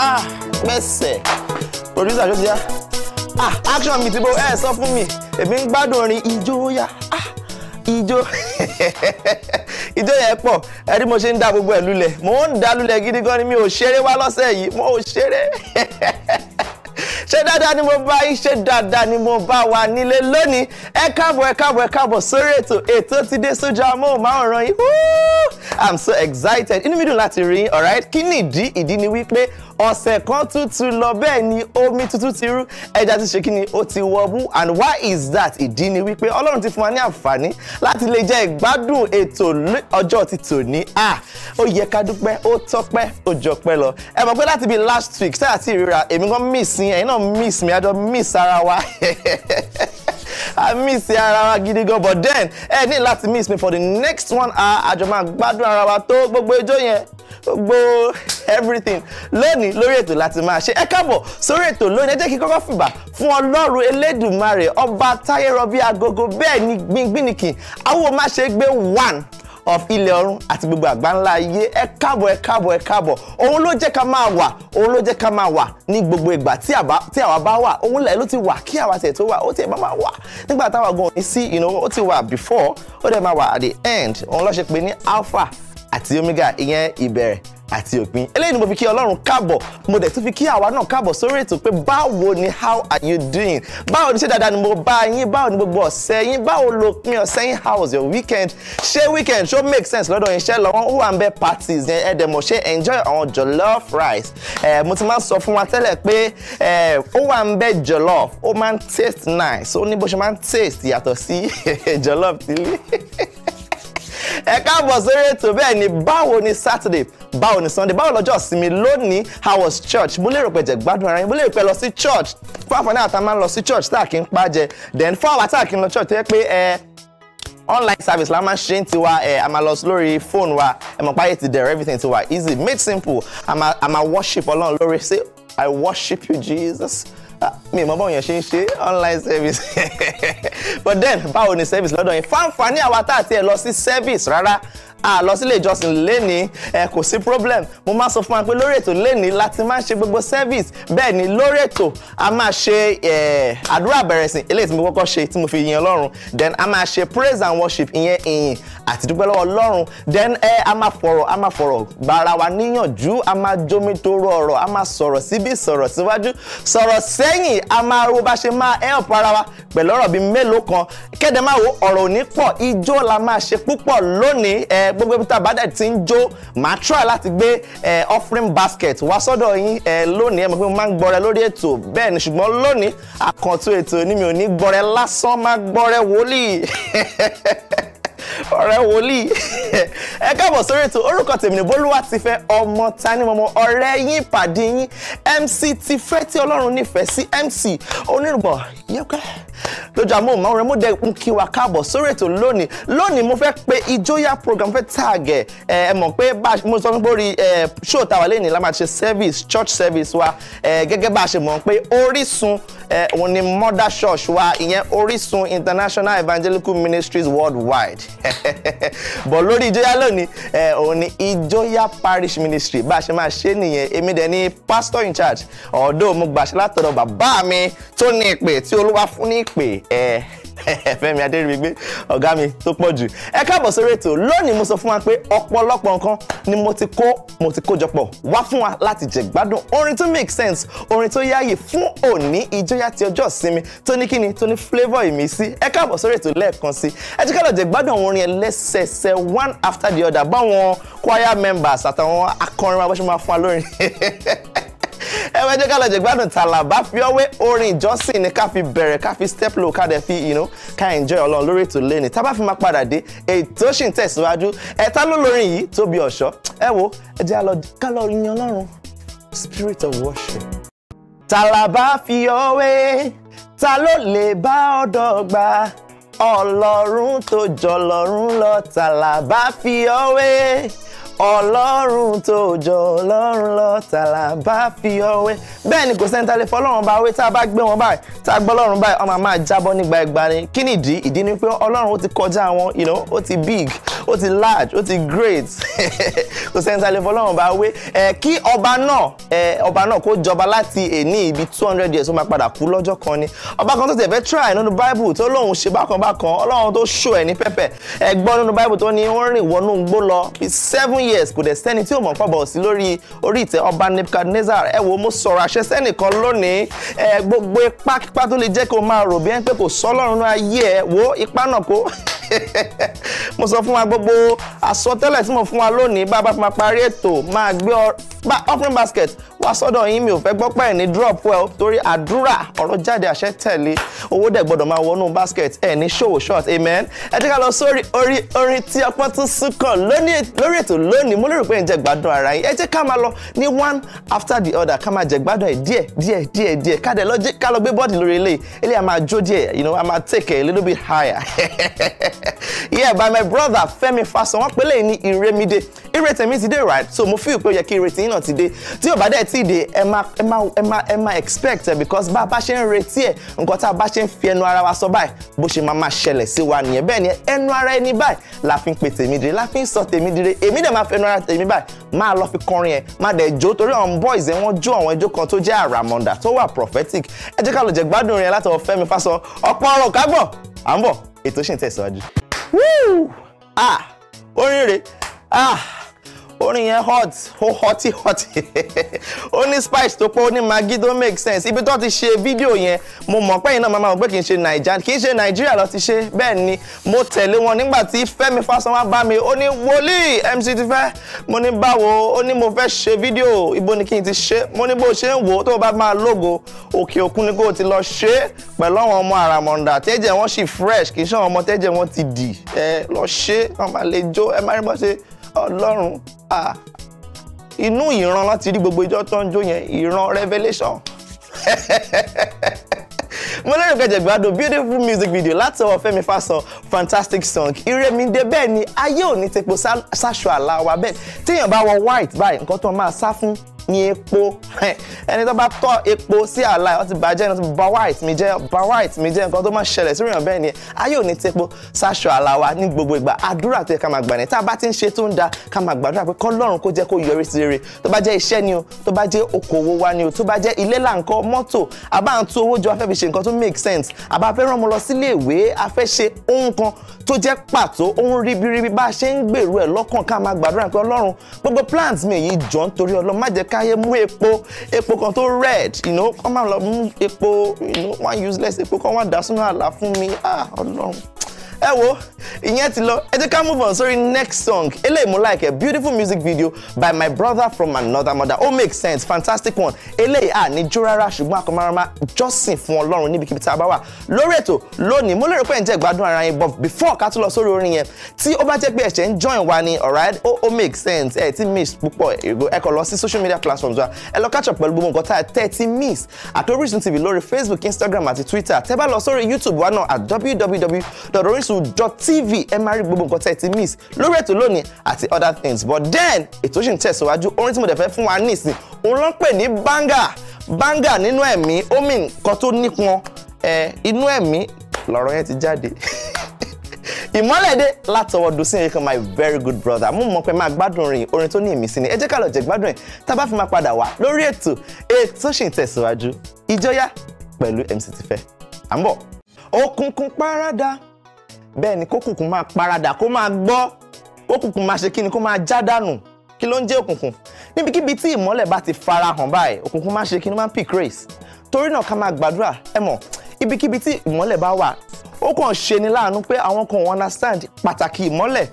ah mẹ́sẹ̀ producer ló ti yá ah action mi ti bó ẹ sọ fún mi èmi ń gbádùn orin ijó yá ah ijó ijó yẹn pọ̀ ẹ rí mo ṣe ń gbogbo e lule mo nda lule lulẹ̀ gidi gan ni mi o ṣeré wa lọ́sẹ̀ yi mo o ṣeré se dada ni mo bá yín ṣé dáadáa ni mo bá wa nílé lónìí ẹ káàbọ̀ ẹ káàbọ̀ ẹ káàbọ̀ sórí ètò ètò ti dé sójú amóhùnmáwòrán yìí i'm so excited inú mi dùn láti rí yín alright kí ni ìdí ni wípé ọ̀sẹ̀ kan tuntun lọ bẹ́ẹ̀ ni omi tuntun ti rú ẹja ti ṣe kí ni ó ti wọbú and why is that ìdí ni wípé ọlọ́run ti fún wa ní àǹfààní láti lè jẹ́ ìgbádùn ètò ọjọ́ ti tòní à ó yẹ ká dúpẹ́ ó tọ́pẹ́ ó jọpẹ́ lọ ẹ mọ̀ pé láti bí last week sáyà ti ríra èmi gan miss yín ẹ̀yin náà miss mi àjọ miss ara wa i miss ara wa gidi gan but then eh, ní láti miss me for the next one hour want máa gbádùn ara wa but boy, join ye, gbogbo everything lónìí lórí ètò láti máa ṣe ẹ káàbọ̀ sórí ètò lónìí ẹ jẹ́ kí kọ́kọ́ fìbà fún ọlọ́run elédùmarè ọba táyé rọbí agogo bẹ́ẹ̀ ni gbingbinikin àwọn máa ṣe gbé one of ilẹ̀ ọ̀run àti gbogbo àgbáńlá ayé ẹ káàbọ̀ ẹ káàbọ̀ ẹ káàbọ̀ òun ló jẹ́ ká máa wà òun ló jẹ́ ká máa wà ní gbogbo ìgbà tí àwa bá wà òun lẹ̀ ló ti wà kí àwa tẹ̀ tó wà ó tiẹ̀ bá máa wà nígbà táwa gan-an ní sí ó ti wà before ó dẹ̀ máa wà at the end òun ló ṣe pé ní alpha àti omega ìyẹn ìbẹ̀rẹ̀ àti òpin eléyìí ni mo fi kí ọlọ́run káàbọ̀ mo dẹ̀ tún fi kí àwa náà káàbọ̀ sórí ètò pé báwo ni how are you doing báwo ni ṣé dáadáa ni mo bá yín báwo ni gbogbo ọ̀sẹ̀ yín báwo ló pín ọ̀sẹ̀ yín how was your weekend ṣé weekend ṣó make sense lọ́dọ̀ yín ṣe lọ́wọ́ who am bed parties yẹn ẹ̀ dẹ̀mọ̀ ṣe enjoy àwọn jollof rice ẹ̀ mo ti máa ń sọ fún wa tẹ́lẹ̀ pé ẹ̀ who am bed jollof ó máa ń taste nice ó ní bó ṣe máa ń taste yàtọ̀ sí jollof tilé ẹ káàbọ̀ sórí ètò bẹ́ẹ̀ ni báwo ni Saturday báwo ni Sunday báwo lọ́jọ́ ìsinmi lónìí how was church mo lérò pé jẹ gbádùn ara yín mo lérò pé lọ sí church fún àǹfààní àtàwọn máa ń lọ sí church tá à kí ń pàjẹ then fún àwọn tá à kí ń lọ church tó yẹ pé ẹ online service la máa ń ṣe ń tiwa ẹ a máa lọ lórí phone wa ẹ mọ̀ páyé ti dẹ̀rẹ̀ everything tiwa easy made simple a máa worship Ọlọ́run lórí say I worship you Jesus. Ah, mi mọ báwọn yẹn ṣe ń ṣe online service but then báwo ni service lọ́dọ̀ yẹn fáǹfààní àwa tá àti ẹ̀ lọ sí service rárá a lọ sílé ìjọsìn lẹ́ni ẹ kò sí problem mo máa sọ fún wa pé lórí ètò lẹ́ni láti máa ṣe gbogbo service bẹ́ẹ̀ ni lórí ètò a máa ṣe àdúrà bẹ̀rẹ̀ sí eléyìí tí mo kọ́kọ́ ṣe tí mo fi yin ọlọ́run then a máa ṣe praise and worship ìyẹn ìyìn àti dúpẹ́ lọ́wọ́ ọlọ́run then ẹ a máa fọ̀rọ̀ a máa fọ̀rọ̀ bára wa níyànjú a máa jómi tó rọ ọ̀rọ̀ a máa sọ̀rọ̀ síbi sọ̀rọ̀ síwájú sọ̀rọ̀ sẹ́yìn a máa ro bá ṣe máa help ara wa pẹ̀lú ọ̀rọ̀ bíi mélòó kan kẹ́dẹ̀ máa wo ọ̀rọ̀ òní pọ̀ ijó la máa ṣe púpọ̀ lónìí ẹ gbogbo ibi tá a bá dẹ̀ ti ń jó màá try láti gbé offering basket wá sọ́dọ̀ yín lónìí ẹ mọ̀ pé mo máa ń gbọ́rẹ́ lórí ètò bẹ́ẹ̀ ni ṣùgbọ́n lónìí àkàntún ètò ni mi ò ní gbọ́rẹ́ lásán máa gbọ́rẹ́ wòlíì ọ̀rẹ́ wòlíì ẹ káàbọ̀ sórí ètò orúkọ tèmi ní Bólúwatifẹ́ ọmọ Tanímọ̀mọ́ ọ̀rẹ́ yín pàdé yín MC Tifẹ́ tí Ọlọ́run nífẹ̀ẹ́ sí MC onírùbọ̀ yẹ́kẹ́ lójú amóhùnmáwòrán mo dẹ̀ ń kí wa káàbọ̀ sórí ètò lónìí lónìí mo fẹ́ pe ìjóyà program fẹ́ tààgẹ̀ ẹ mọ̀ pé bá mo sọ fún bórí ṣó tàwa lẹ́yìn la máa ṣe service church service wa gẹ́gẹ́ bá a ṣe mọ̀ pé Orísun òun ni mother church wa ìyẹn Orísun International Evangelical Ministries Worldwide bọ̀ lórí ìjọyà lónìí òun ni ìjọyà parish ministry bá a ṣe máa ṣe nìyẹn èmi dẹ̀ ni pastor in charge ọ̀dọ́ mo gbàṣẹ́ látọ̀dọ̀ bàbá mi tó ní ìpè tí olúwa fún ní ìpè Fẹ́mi Adéríbigbé ọ̀gá mi tó pọ̀ jù ẹ káàbọ̀ sórí ètò lónìí mo sọ fún wa pé ọ̀pọ̀lọpọ̀ nǹkan ni mo ti kó mo ti kójọpọ̀ wá fún wa láti jẹ gbádùn orin tó make sense orin tó yáàyè fún òní ìjọyà ti ọjọ́ ìsinmi tó ní kíni tó ní flavour ìmísí ẹ káàbọ̀ sórí ètò lẹ́ẹ̀kan sí ẹ jẹ́ ká lọ jẹ gbádùn àwọn orin ẹlẹ́sẹsẹ one after the other báwọn choir members àtàwọn akọrin wa bó ṣe máa fún wa lórin ẹ wá jẹ́ ká lọ jẹ̀gbádùn tàlàbà fiọ́wé orin ìjọsìn ni ká fi bẹ̀rẹ̀ ká fi step low ká dẹ̀ fi you know ká enjoy ọlọ́run lórí ètò lẹ́ni tá bá fi máa padà dé ètò sì ń tẹ̀síwájú ẹ̀ta ló lórin yìí tóbi ọ̀ṣọ́ ẹ wo ẹ jẹ́ ká yin ọlọ́run spirit of worship. tàlàbà fiọ́wé ta ló lè bá ọ̀dọ̀ gbà ọlọ́run tó jọlọ́run lọ tàlàbà fiọ́wé ọlọ́run tó jọ ọlọ́run lọ tààlà bá fi ọwé bẹ́ẹ̀ ni kò sẹ́ńtálẹ̀ fọlọ́run bá wé tá a bá gbé wọn báyìí tá a gbọ́ ọlọ́run báyìí ọmọ máa jábọ́ nígbà ẹgbà ni kí ni ìdí ìdí ni pé ọlọ́run ó ti kọjá wọn you know ó ti big ó ti large ó ti great kò sẹ́ńtálẹ̀ fọlọ́run bá wé ẹ kí ọba náà ẹ ọba náà kó jọba láti èní ibi two hundred years ó máa padà kú lọ́jọ́ kan ni ọba kan tó tẹ̀ fẹ́ try nínú bible tó lóun ṣe bákan bákan ọlọ́run tó ṣò ẹ̀ ní pẹ́pẹ́ ẹ gbọ́ nínú bible tó ní wọ́n rìn wọnú igbó lọ seven years kò dẹ̀ sẹ́ni tí ò mọ̀ pàbọ̀ sí lórí orí ìtẹ́ ọba Nebuchadnezzar ẹ wo mo sọ̀rọ̀ àṣẹ sẹ́nìkan lónìí ẹ gbogbo ipá kípá tó lè jẹ́ kó máa rò bí ẹni pé kò sọ́lọ́run náà ayé ẹ wo ipá náà kó mo sọ fún wa gbogbo àsọtẹ́lẹ̀ tí mo fún wa lónìí bá a bá fi máa parí ètò máa gbé ọ bá offering basket wá sọ́dọ̀ yín mi ò fẹ́ gbọ́ pẹ́ ní drop well torí àdúrà ọ̀rọ̀ jáde àṣẹ tẹ̀lé owó dẹ̀ gbọ́dọ̀ máa wọnú basket ẹ̀ ní ṣòwò short amen ẹ jẹ́ ká lọ sórí orí orin tí ọpọ́n tún sún kàn lórí ètò lónìí lónìí mo lérò pé ẹ̀ ń jẹ gbádùn ara yín ẹ jẹ́ ká máa lọ ní one after the other ká máa jẹ gbádùn ẹ̀ díẹ̀ díẹ̀ díẹ̀ díẹ̀ ká dẹ̀ lọ jẹ́ ká lọ gbé bọ́ọ̀dì lórí eléyìí eléyìí a máa jó díẹ̀ you know a máa take a little bit higher yeah by my brother Fẹ́mi Fásán wọ́n pè lẹ́yìn ní ìrẹ́mídé ìrẹ́ tèmi ti dé right so mo feel pé ó yẹ kí ìrètí yín náà ti dé tí ò bá dẹ̀ ti dé ẹ má ẹ má ẹ má ẹ má expect ẹ because bá a bá ṣe ń retí ẹ nǹkan tá a bá ṣe ń fi ẹnu ara wa sọ báyìí bó ṣe máa máa ṣẹlẹ̀ sí wa nìyẹn bẹ́ẹ̀ ni ẹnu ara ẹni báyìí la fi ń pe tèmi dire la fi ń sọ tèmi dire èmi dẹ̀ máa fẹnu ara tèmi báyìí máa lọ fi kọrin ẹ̀ máa dẹ̀ jó torí àwọn boys ẹ̀ wọ́n jó àwọn ijó kan tó jẹ́ àràmọ̀ndà tó wà prophetic ẹ jẹ́ ká lọ jẹ gbádùn rẹ̀ látọwọ́ Fẹ́mi Fásọ ọ̀pọ̀ ọ̀rọ̀ kágbọ̀ à ń bọ̀ ètò ṣì ń tẹ̀síwájú. Ah, orin rè ah orin yẹn hot ó hotty hotty ó ní spice tó pọ̀ ó ní maggi tó make sense ibi tó ti ṣe fídíò yẹn mo mọ̀ pẹ́yìn náà màmá mo pé kì í ṣe naija kì í ṣe nàìjíríà lọ ti ṣe bẹ́ẹ̀ ni mo tẹ̀lé wọn nígbà tí fẹ́mi fásánwá bá mi ó ní wòlíì mc ti fẹ́ mo ní báwo ó ní mo fẹ́ ṣe fídíò ibo ni kí n ti ṣe mo ní bó ṣe ń wò ó tó bá máa lógo òkè òkun ni kó o ti lọ ṣe pẹ̀lú àwọn ọmọ àràmọ̀ǹdà tẹ́jẹ̀ wọn sì fresh kì í ṣe àwọn ọmọ tẹ́jẹ̀ wọn ti dì ẹ lọ ṣe wọn máa lè jó ẹ má rí bọ́ ṣe ọlọ́run inú ìran láti rí gbogbo ìjọ tó ń jó yẹn ìran revelation mo lérò kẹjẹ gbádùn beautiful music video láti ọwọ́ Fẹ́mi Fásọ fantastic song ìrẹmìdé bẹ́ẹ̀ ni ayé ò ní tepo sáṣọ àlá wa bẹ́ẹ̀ téèyàn bá wọ white báyìí nǹkan tó máa sá fún ní epo ẹni tó bá tọ́ epo sí àlá ẹ̀ bàjẹ́ ẹni tó ba mi jẹ́ ba mi jẹ́ nǹkan tó máa ṣẹlẹ̀ sí ìrìnà ni ayé ò ní tepo sáṣọ àlá wa ní gbogbo ìgbà àdúrà tó yẹ ká máa gbà ní tá a bá ti ń ṣe tó ń da ká máa gbàdúrà pé kọ́lọ́run kó jẹ́ kó yọrí sí rere tó bá jẹ́ iṣẹ́ ni o tó bá jẹ́ okòwò wa ni o tó bá jẹ́ ilé là ń kọ́ mọ́tò àbá ń tú owó jọ afẹ́ fi ṣe nǹkan tó make sense àbá fẹ́ rán mo lọ sílé ìwé afẹ́ ṣe ohun kan tó jẹ́ pàtó ohun ribiribi bá a ṣe ń gbèrú ẹ̀ lọ́kàn ká máa gbàdúrà pé ọlọ́run gbogbo plans mi yìí jọ ń ọlọ́run má jẹ́ ká káyé mú epo epo kan tó red you know kọ́ máa lọ mú epo you know one useless epo kan wá dà sínú àlà fún mi ah ọlọ́run ẹ wo ìyẹn ti lọ ẹ jẹ́ ká move on Sorry, next song eléyìí mo like a beautiful music video by my brother from another mother Oh, make sense fantastic one eléyìí à ní jó rárá ṣùgbọ́n akọmarama jọ́sìn fún ọlọ́run níbikíbi tá a bá wà lórí ètò lónìí mo lérò pé ẹ̀ ń jẹ́ ìgbádùn ara yín but before ká tó lọ sórí orin yẹn tí ó bá jẹ́ pé ẹ̀ṣẹ̀ ń join wa ni alright Oh, ó make sense ẹ̀ ti miss púpọ̀ ẹ kọ lọ sí social media platforms wa ẹ lọ catch up pẹ̀lú gbogbo nǹkan tá ẹ tẹ́ ti miss àti Orísun TV lórí Facebook Instagram àti Twitter tẹ́ bá lọ sórí YouTube wa náà at www.orisun orísun.tv ẹ máa rí gbogbo nǹkan tẹ́ ẹ ti miss lórí ètò lónìí àti other things but then ètò ṣì ń tẹ̀síwájú orin tí mo dẹ̀ fẹ́ fún wa nísìn òun ló ń pè ní banga banga nínú ẹ̀mí omi nǹkan tó nípọn ẹ inú ẹ̀mí lọ́rọ̀ yẹn ti jáde ìmọ́lẹ̀dé látọwọ́ dosin ẹ̀yẹ́kan my very good brother mú mọ̀ pé máa gbádùn rìn orin tó ní ìmísí ni ẹ jẹ́ ká lọ jẹ gbádùn ẹ̀ tá a bá fi máa padà wá lórí ètò ètò ṣì ń tẹ̀síwájú ìjọyà pẹ̀lú MC Tifẹ́ à ń bọ̀ òkùnkùn párádà bẹ́ẹ̀ ni kókùnkùn máa paradà kó máa gbọ́ kókùnkùn máa ṣe kíni kó máa já dànù kí ló ń jẹ́ òkùnkùn níbikíbi tí ìmọ́lẹ̀ bá ti fara hàn báyìí òkùnkùn máa ṣe kíni máa ń pick race torí náà ká máa gbàdúrà ẹ mọ̀ ibikíbi tí ìmọ́lẹ̀ bá wà ó kàn ṣe ni láàánú pé àwọn kan ò understand pàtàkì ìmọ́lẹ̀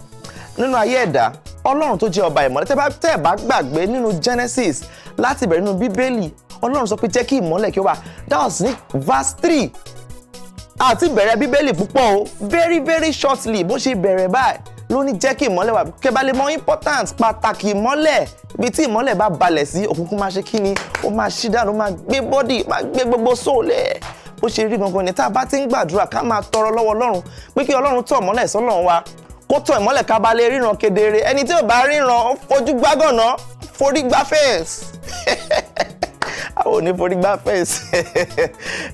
nínú ayé ẹ̀dá ọlọ́run tó jẹ́ ọba ìmọ́lẹ̀ tẹ́ bá bá gbàgbé nínú Genesis láti bẹ̀rẹ̀ nínú bíbélì ọlọ́run sọ pé jẹ́ kí ìmọ́lẹ̀ kí ó wà that was verse three àti bẹ̀rẹ̀ bíbélì púpọ̀ o very very shortly bó ṣe bẹ̀rẹ̀ báyìí ló ní jẹ́ kí ìmọ́lẹ̀ wà kẹbalẹ̀ mọ important pàtàkì ìmọ́lẹ̀ ibi tí ìmọ́lẹ̀ bá balẹ̀ sí òkùnkùn máa ṣe kí ni ó máa ṣí dànù máa gbé bọ́dì máa gbé gbogbo sóòlẹ̀ bó ṣe rí gangan ni tá a bá ti ń gbàdúrà ká máa tọrọ lọ́wọ́ ọlọ́run pé kí ọlọ́run tọ̀ mọ́lẹ̀ sọ́nà wa kó tọ̀ ìmọ́lẹ̀ ká ba lè ríran kedere ẹni tí ò bá ríran fojú gbágànná forí gbá fẹ́ẹ̀sì ò ní forí gbá fèsì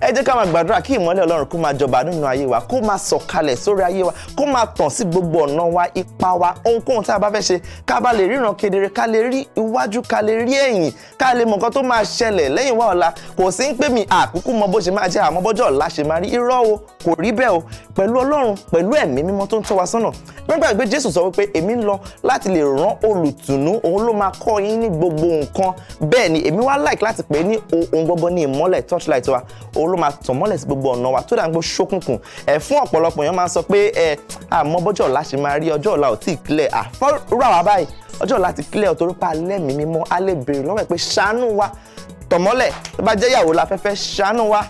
ẹ jẹ́ ká máa gbàdúrà kí ìmọ́lẹ̀ ọlọ́run kó máa jọba nínú ayé wa kó máa sọ̀kalẹ̀ sórí ayé wa kó máa tàn sí gbogbo ọ̀nà wa ipa wa ohunkóhun tá a bá fẹ́ ṣe ká bá lè ríran kedere ká lè rí iwájú ká lè rí ẹ̀yìn ká lè mọ nǹkan tó máa ṣẹlẹ̀ lẹ́yìn wá ọ̀la kò sí ń pè mí àkúkú mọ bó ṣe máa jẹ́ àmọ́ bọ́jọ́ ọ̀la ṣe máa rí irọ́ o kò rí bẹ́ẹ̀ o pẹ̀lú ọlọ́run pẹ̀lú ẹ̀mí mímọ́ tó ń tọ́ wa sọ́nà nígbà pé jésù sọ wípé èmi ń lọ láti lè rán olùtùnú òun ló máa kọ́ yín ní gbogbo nǹkan bẹ́ẹ̀ ni èmi wá like láti pè é ní ohun gbọ́gbọ́n ní ìmọ́lẹ̀ torchlight wa òun ló máa tàn mọ́lẹ̀ sí gbogbo ọ̀nà wa tó dàgbò ṣókùnkùn ẹ̀ fún ọ̀pọ̀lọpọ̀ èèyàn máa ń sọ pé ẹ àmọ́ bọ́jọ́ ọ̀la ṣe máa rí ọjọ́ ọ̀la ò tí ì clear àfọ́rọ̀ àwa báyìí ọjọ́ ọ̀la ti clear torí pa alẹ́mìí mímọ́ á lè béèrè lọ́wọ́ ẹ̀ pé ṣàánú wa tọ̀mọ́lẹ̀ tó bá jẹ́ ìyàwó la fẹ́fẹ́ ṣàánú wa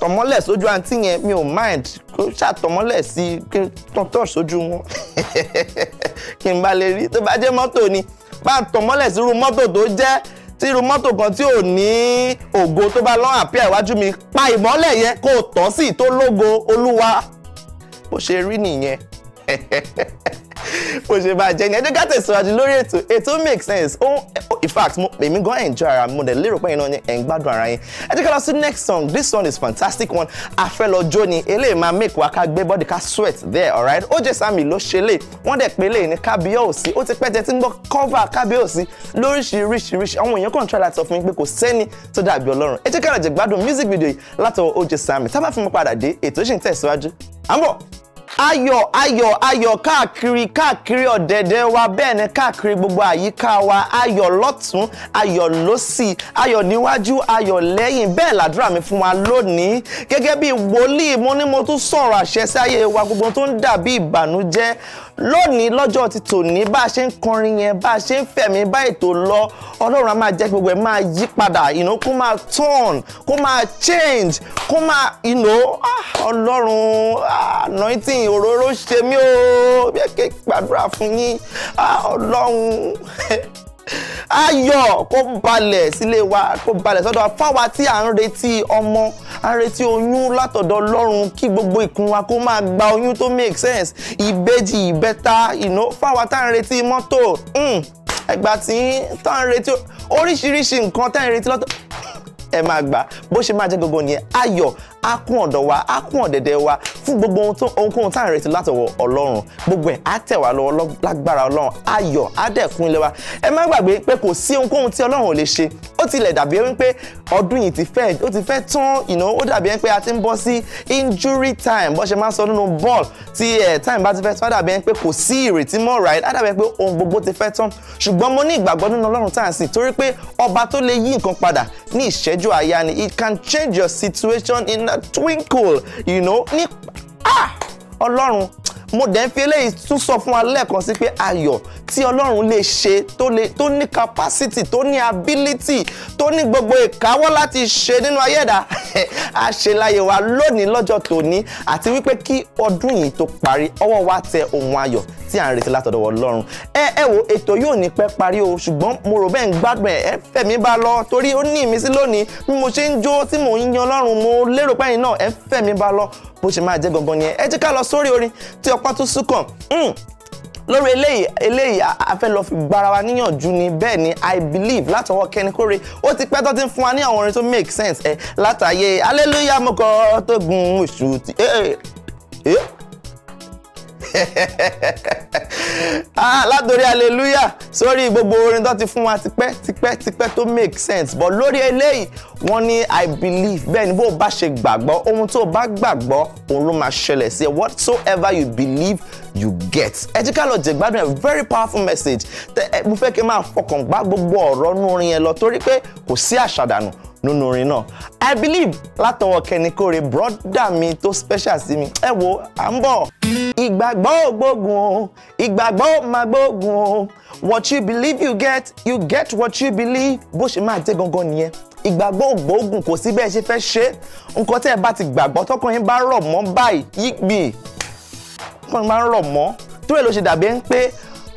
tọ̀mọ́lẹ̀ sójú àǹtí yẹn mi ò mind kó ṣàtọ̀mọ́lẹ̀ sí kí n tọ̀tọ̀ sójú wọn kí n bá lè rí tó bá jẹ́ mọ́tò ni bá tọ̀mọ́lẹ̀ sírú mọ́tò tó jẹ́ tí irú mọ́tò kan tí ò ní ògo tó bá lọ́n àpíà iwájú mi pa ìmọ́lẹ̀ yẹn kó tọ́ sí tó lógo olúwa bó ṣe rí nìyẹn mo ṣe bá jẹ́ ní ẹjọ́ ká tẹ̀síwájú lórí ètò ètò make sense Oh, in fact mo èmi gan enjoy ara mo dẹ̀ lérò pé iná ni ẹ̀ ń gbádùn ara yín ẹ jẹ́ ká lọ sí next song this song is fantastic one afẹ́lọ́jọ́ ni eléyìí máa make wa ká gbé body ká sweat there alright ó jẹ́ Sammy ló ṣe lè wọ́n dẹ̀ pé lè ní kábíyọ̀sí ó ti pẹ́ tẹ́ tí ń gbọ́ cover kábíyọ̀sí lóríṣiríṣiríṣi àwọn èèyàn kàn try láti sọ fún mi pé kò sẹ́ni tó dàbí ọlọ́run ẹ jẹ́ ká lọ jẹ́ gbádùn music video yìí látọwọ́ ó jẹ́ Sammy tá bá fi mú padà dé ètò ṣì ń tẹ̀síwájú à ń bọ̀ ayọ̀ ayọ̀ ayọ̀ káàkiri káàkiri ọ̀dẹ̀dẹ̀ wa bẹ́ẹ̀ ni káàkiri gbogbo àyíká wa ayọ̀ lọ́tún ayọ̀ lọ́sì ayọ̀ níwájú ayọ̀ lẹ́yìn bẹ́ẹ̀ làdúrà mi fún wa lónìí gẹ́gẹ́ bí wòlíì mo ní mo tún sọ̀rọ̀ àṣẹ sí ayé wa gbogbo tó ń dàbí ìbànújẹ́ lónìí lọ́jọ́ ti tòní bá a ṣe ń kọrin yẹn bá a ṣe ń fẹ̀mí bá ètò lọ ọlọ́run á máa jẹ́ gbogbo ẹ̀ máa yí padà you kó máa turn kó máa change kó máa you know ah, ọlọ́run anointing nísìnyí òróró ṣe mí o bí ẹ ké gbàdúrà fún yín ọlọ́run ayọ̀ kó balẹ̀ sílé wa kó balẹ̀ sọ́dọ̀ fáwa tí à ń retí ọmọ à ń retí oyún látọ̀dọ̀ ọlọ́run kí gbogbo ìkun wa kó máa gba oyún tó make sense ìbejì ìbẹ́ta ìná fáwa tá à ń retí mọ́tò hmm, ẹgbà tí tá à ń retí oríṣiríṣi nǹkan tá à ń retí lọ́tọ̀ ẹ máa gbà bó ṣe máa jẹ́ gbogbo nìyẹn ayọ̀ á kún ọ̀dọ̀ wa á kún ọ̀dẹ̀dẹ̀ wa fún gbogbo ohunkóhun tá à ń retí látọwọ́ ọlọ́run gbogbo ẹ̀ á tẹ̀ wá lọ́wọ́ lágbára ọlọ́run ayọ̀ á dẹ̀ kún ilé wa ẹ má gbàgbé pé kò sí ohunkóhun tí ọlọ́run ò lè ṣe ó tilẹ̀ dàbí wípé ọdún yìí ti fẹ́ ó ti fẹ́ tán ìnáwó ó dàbí pé a ti ń bọ́ sí injury time bó ṣe máa ń sọ nínú bọ́ọ̀lù tí ẹ̀ time bá ti fẹ́ tán á dàbí pé kò sí ìrètí mọ́ right á dàbí pé ohun gbogbo ti fẹ́ tán ṣùgbọ́n mo ní ìgbàgbọ́ nínú ọlọ́run tá à ń sìn torí pé ọba tó lè yí nǹkan padà ní ìṣẹ́jú àyà ni it can change your situation in a twinkle you know ah, ọlọ́run mo dẹ̀ ń fi eléyìí tún sọ fún wa lẹ́ẹ̀kan sí pé ayọ̀ tí ọlọ́run lè ṣe tó ní capacity tó ní ability tó ní gbogbo ìkáwọ́ láti ṣe nínú ayé ẹ̀dá àṣeláyé wa lónìí lọ́jọ́ tòní àti wípé kí ọdún yìí tó parí ọwọ́ wa tẹ ohun ayọ̀ tí à ń retí látọ̀dọ̀ ọlọ́run ẹ ẹ wo ètò yóò ní pẹ́ parí o ṣùgbọ́n mo rò bẹ́ẹ̀ ń gbádùn ẹ̀ ẹ fẹ̀mí bá lọ torí ó ní ìmísí lónìí bí mo ṣe ń jó tí mò ń yan ọlọ́run mo lérò pẹ́yìn náà ẹ fẹ̀mí bá lọ bó ṣe máa jẹ́ gangan yẹn ẹ jẹ́ ká lọ sórí orin tí ọpá tún súnkàn hmm. lórí eléyìí eléyìí a fi gbara wa níyànjú ni bẹ́ẹ̀ ni i believe látọwọ́ Kenny Kore ó ti pẹ́ tó ti ń fún wa ní àwọn orin tó make sense ẹ látàyè hallelujah mo kọ́ tó gun oṣù tí. Eh, eh, eh. ah látòrí hallelujah sórí gbogbo orin tó ti fún wa tipẹ́ tipẹ́ tipẹ́ tó make sense but lórí eléyìí wọ́n ní i believe bẹ́ẹ̀ ni bó o bá ṣe gbàgbọ́ ohun tó o bá gbàgbọ́ òun máa ṣẹlẹ̀ sí ẹ whatsoever you believe you get ẹ jẹ́ ká lọ jẹ gbádùn ẹ very powerful message mo fẹ́ kí n máa fọkàn gbá gbogbo ọ̀rọ̀ nú orin yẹn lọ torí pé kò sí àṣàdànù nínú orin náà i believe látọwọ́ Kenny Kore brọ́dà mi tó special sí mi ẹ wo à ń bọ̀ ìgbàgbọ́ ò gbógun o ìgbàgbọ́ ò máa gbógun o what you believe you get you get what you believe bó ṣe máa dé gangan nìyẹn ìgbàgbọ́ ò gbógun kò sí bẹ́ẹ̀ ṣe fẹ́ ṣe nǹkan tẹ́ ẹ bá ti gbàgbọ́ tọkàn yín bá rọ̀ mọ́ báyìí yígbì tọkàn yín bá rọ̀ mọ́ tó rẹ̀ ló ṣe dàbí ń pé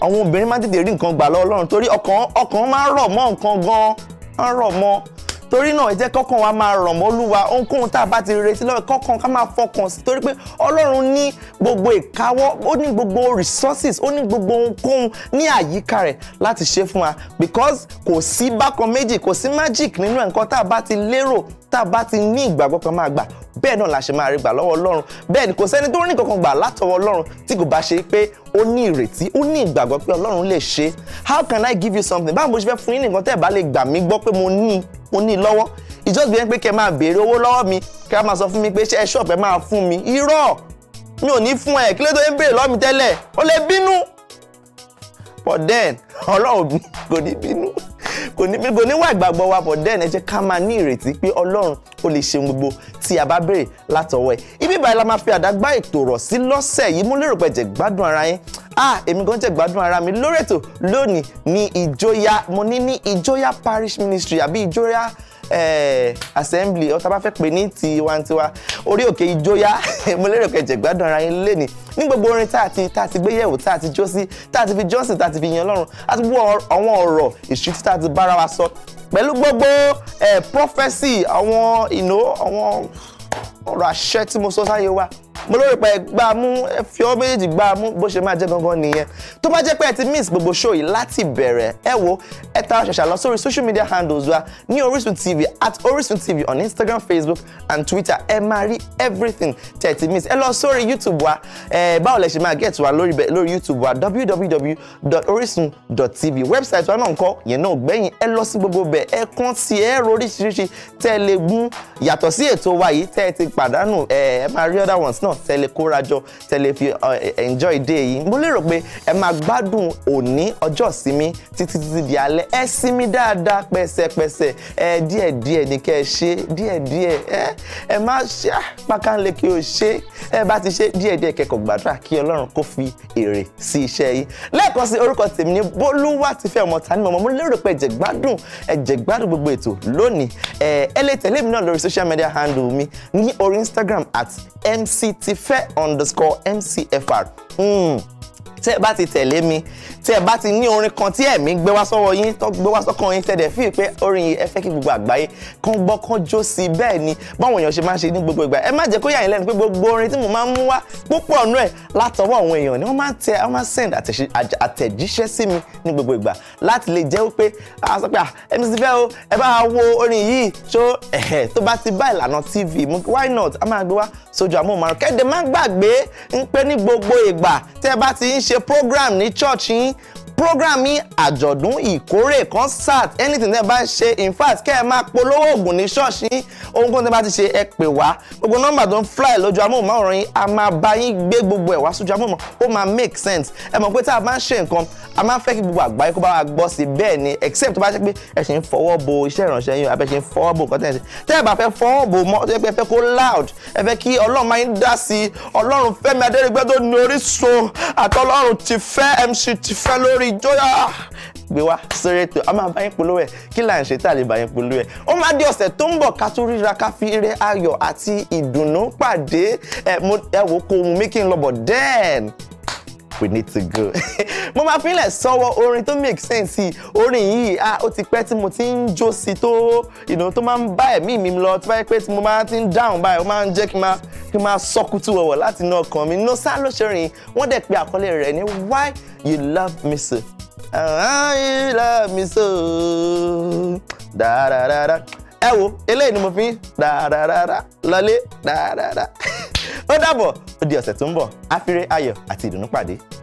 àwọn obìnrin máa ń tètè rí nǹkan gbà lọ́wọ́ Ọlọ́run torí ọkàn ọkàn máa ń rọ̀ mọ́ nǹkan gan-an máa ń rọ̀ mọ́ torí náà ẹ jẹ́ kọ́kàn wa máa ràn mọ́ Olúwa ohunkóhun tá a bá ti retí lọ́wọ́ kọ́kàn ká máa fọkàn sí torí pé Ọlọ́run ní gbogbo ìkáwọ́ ó ní gbogbo resources ó ní gbogbo ohunkóhun ní àyíká rẹ̀ láti ṣe fún wa because kò sí bákan méjì kò sí magic nínú nǹkan tá a bá ti lérò tá a bá ti ní ìgbàgbọ́ kan máa gbà bẹ́ẹ̀ náà la ṣe máa rí gbà lọ́wọ́ ọlọ́run bẹ́ẹ̀ ni kò sẹ́ni tó ní kankan gbà látọwọ́ ọlọ́run tí kò bá ṣe pé ó ní ìrètí ó ní ìgbàgbọ́ pé ọlọ́run lè ṣe how can I give you something báwo mo ṣe fẹ́ fún yín nìkan tẹ́ ẹ̀ bá lè gbà mí gbọ́ pé mo ní mo ní lọ́wọ́ ìjọsìn bí pé kẹ́ máa béèrè owó lọ́wọ́ mi kẹ́ máa sọ fún mi pé ṣé ẹ ṣọ́ọ̀pẹ́ máa fún mi irọ́ mi ò ní fún ẹ kí ló tó ń mi tẹ́lẹ̀ ó lè bínú but then ọlọ́run kò ní bínú kò ní kò ní wà ìgbàgbọ́ wa bọ̀ dẹ́n ẹ jẹ́ ká máa ní ìrètí pé ọlọ́run ó lè ṣe gbogbo tí a bá béèrè látọwọ́ ẹ̀ ibi báyìí la máa fi àdágbá ètò rọ̀ sí lọ́sẹ̀ yìí mo lérò pé gbádùn ara yín ah èmi gan jẹ́ gbádùn ara mi lórí ètò lónìí ní ìjóyà mo ní ní ìjóyà parish ministry àbí ìjóyà Eh, assembly ọ̀tá bá fẹ́ pè ní tiwantiwa orí òkè ìjóyà mo lérò kẹ̀jẹ̀ gbádùn ara yín lénìí ní gbogbo orin tá a ti tá a ti gbé yẹ̀wò tá a ti jó sí tá a ti fi jọ́sìn tá a ti fi yan Ọlọ́run àti gbogbo àwọn ọ̀rọ̀ ìṣítí tá a ti bára wa sọ pẹ̀lú gbogbo eh, prophecy àwọn ìnáwó àwọn ọ̀rọ̀ àṣẹ tí mo sọ sáyé wa mo lórí pa ẹ gbá mú ẹ fi ọ méjèèjì gbá mú bó ṣe máa jẹ gangan nìyẹn tó bá jẹ́ pé ẹ ti miss gbogbo show yìí láti bẹ̀rẹ̀ ẹ wo ẹ tara ṣàṣà lọ sórí social media handles wa ní Orísun TV at Orísun TV on Instagram Facebook and Twitter ẹ máa rí everything tẹ́ ẹ ti miss ẹ lọ sórí YouTube wa ẹ báwo lẹ ṣe máa get wa lórí lórí YouTube wa www.orisun.tv website wa náà ńkọ́ yẹn náà gbẹ̀yìn ẹ lọ sí gbogbo bẹ̀ ẹ kàn sí ẹ roríṣiríṣi tẹ́ ẹ lè gún wa yìí tẹ́ ẹ ti pàdánù ẹ other ones náà tẹ́lẹ̀ kórajọ tẹ́lẹ̀ fi enjoy day yìí mo lérò pé ẹ máa gbádùn òní ọjọ́ ìsinmi títí títí di alẹ́ ẹ sinmi dáadáa pẹ̀sẹ̀pẹ̀sẹ̀ ẹ díẹ̀díẹ̀ ní kẹ́ ẹ ṣe díẹ̀díẹ̀ ẹ ẹ má ṣe ah, pàkánlé kí o ṣe ẹ bá ti ṣe díẹ̀díẹ̀ kẹ́kọ̀ọ́ gbàdúrà kí Ọlọ́run kó fi èrè sí iṣẹ́ yìí lẹ́ẹ̀kan sí orúkọ tèmi ní Bólúwatifẹ́ ọmọ tani mọ̀mọ́ mo lérò pé ẹ gbádùn ẹ gbádùn gbogbo ètò lónìí ẹ ẹ lè tẹ̀lé mi náà lórí social media handle mi ní orí Instagram at MCTFE underscore MCFR. Mm. tẹ́ ẹ bá ti tẹ̀lé mi tẹ́ ẹ bá ti ní orin kan tí ẹ̀mí gbé wá sọ́wọ́ yín tó gbé wá sọ́kàn yín tẹ̀dẹ̀ fíì pé orin yìí ẹ fẹ́ kí gbogbo àgbáyé kan gbọ́ kan jó sí i bẹ́ẹ̀ ni báwọn èèyàn ṣe máa ń ṣe ní gbogbo ìgbà ẹ má jẹ́ kó yà yín lẹ́nu pé gbogbo orin tí mo máa ń mú wá púpọ̀ nú ẹ̀ látọwọ́ àwọn èèyàn ni wọ́n máa ń tẹ wọ́n máa ń send àtẹ̀jíṣẹ́ sí mi ní gbogbo ìgbà láti lè jẹ́ pé a sọ pé ẹni ẹ ń ṣe program ní church yín program yín àjọ̀dún ìkórè concert anything tẹ́ ẹ bá ń ṣe in fact kẹ́ ẹ máa polówó oògùn ní ṣọ́ọ̀ṣì yín ohunkóhun tẹ́ bá ti ṣe ẹ pè wá gbogbo nọ́mbà tó ń fly lójú amóhùnmáwòrán yín a máa bá yín gbé gbogbo ẹ̀ wá sójú amóhùnmáwòrán ó máa make sense ẹ mọ̀ pé tá a bá ń ṣe nǹkan a máa ń fẹ́ kí gbogbo àgbáyé kó bá wa gbọ́ sí bẹ́ẹ̀ ni except tó bá ṣe pé ẹ ṣe ń fọwọ́ bo iṣẹ́ ìrànṣẹ́ yín abẹ́ ṣe ń fọwọ́ bo nǹkan tẹ́ ẹ ṣe tẹ́ ẹ bá fẹ́ fọwọ́ bo mọ́ tó yẹ pé ẹ fẹ́ kó loud ẹ fẹ́ kí ọlọ́run máa ń dá sí ọlọ́run Fẹ́mi Adérígbé tó ní Orísun àtọlọ́run ti fẹ́ MC ti fẹ́ lórí ìjọyà gbé wá sórí ètò a máa bá yín polówó ẹ̀ kí là ń ṣe tá a lè bá yín polówó ẹ̀ ó máa di ọ̀sẹ̀ tó ń bọ̀ ká tún ríra ká fi rẹ ayọ̀ àti ìdùnnú pàdé ẹ̀ wò kó mu mí kí n lọ bọ̀ dẹ́ẹ̀n we need to go. mo máa fi ń lẹ̀ sọ́wọ́ orin tó make sense yìí orin yìí ah ó ti pẹ́ tí mo ti ń jó sí tó ìdùnnú tó máa ń bá ẹ̀mí mi lọ tó bá yẹ pé tí mo máa ti ń dáhùn báyìí ó máa ń jẹ́ kí n máa kí n máa sọ́kútù wọ̀wọ̀ láti inú ọkàn mi Nosa ló ṣe rìn wọ́n dẹ̀ pé àkọlé rẹ̀ ní why you love me so ah you love me so da da da da ẹ wo eléyìí ni mo fi ń dáadáa lọlé dáadáa ó dàbọ̀ ó di ọ̀sẹ̀ tó ń bọ̀ Afire ayọ̀ àti ìdùnnú pàdé